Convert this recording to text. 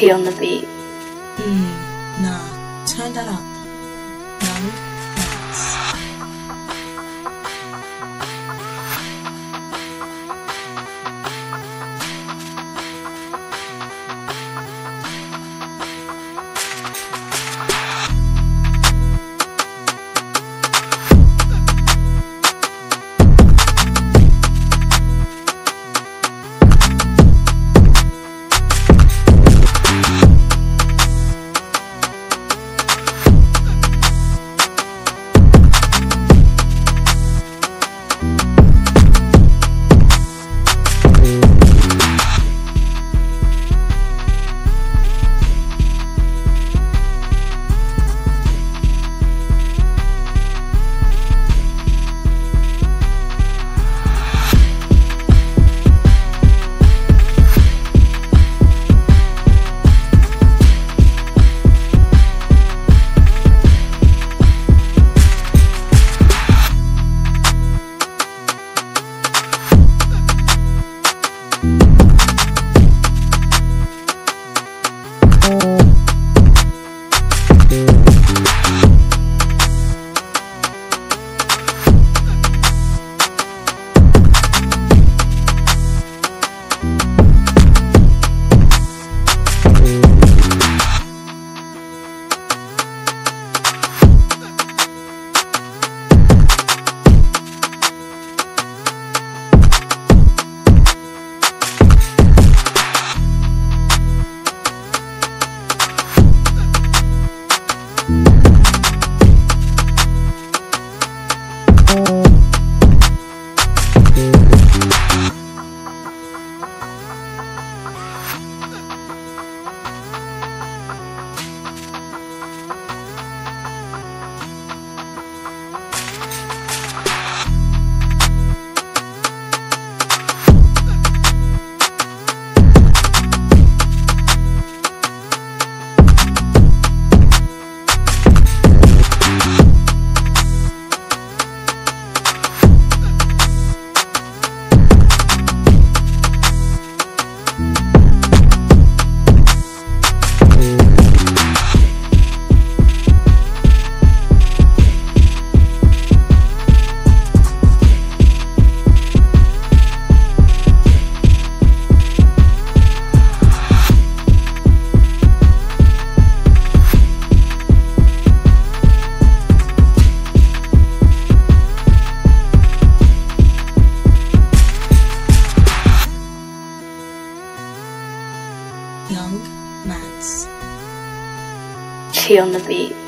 tea on the beat. Mm, nah, turn that up. No, Young Mans. She on the beat.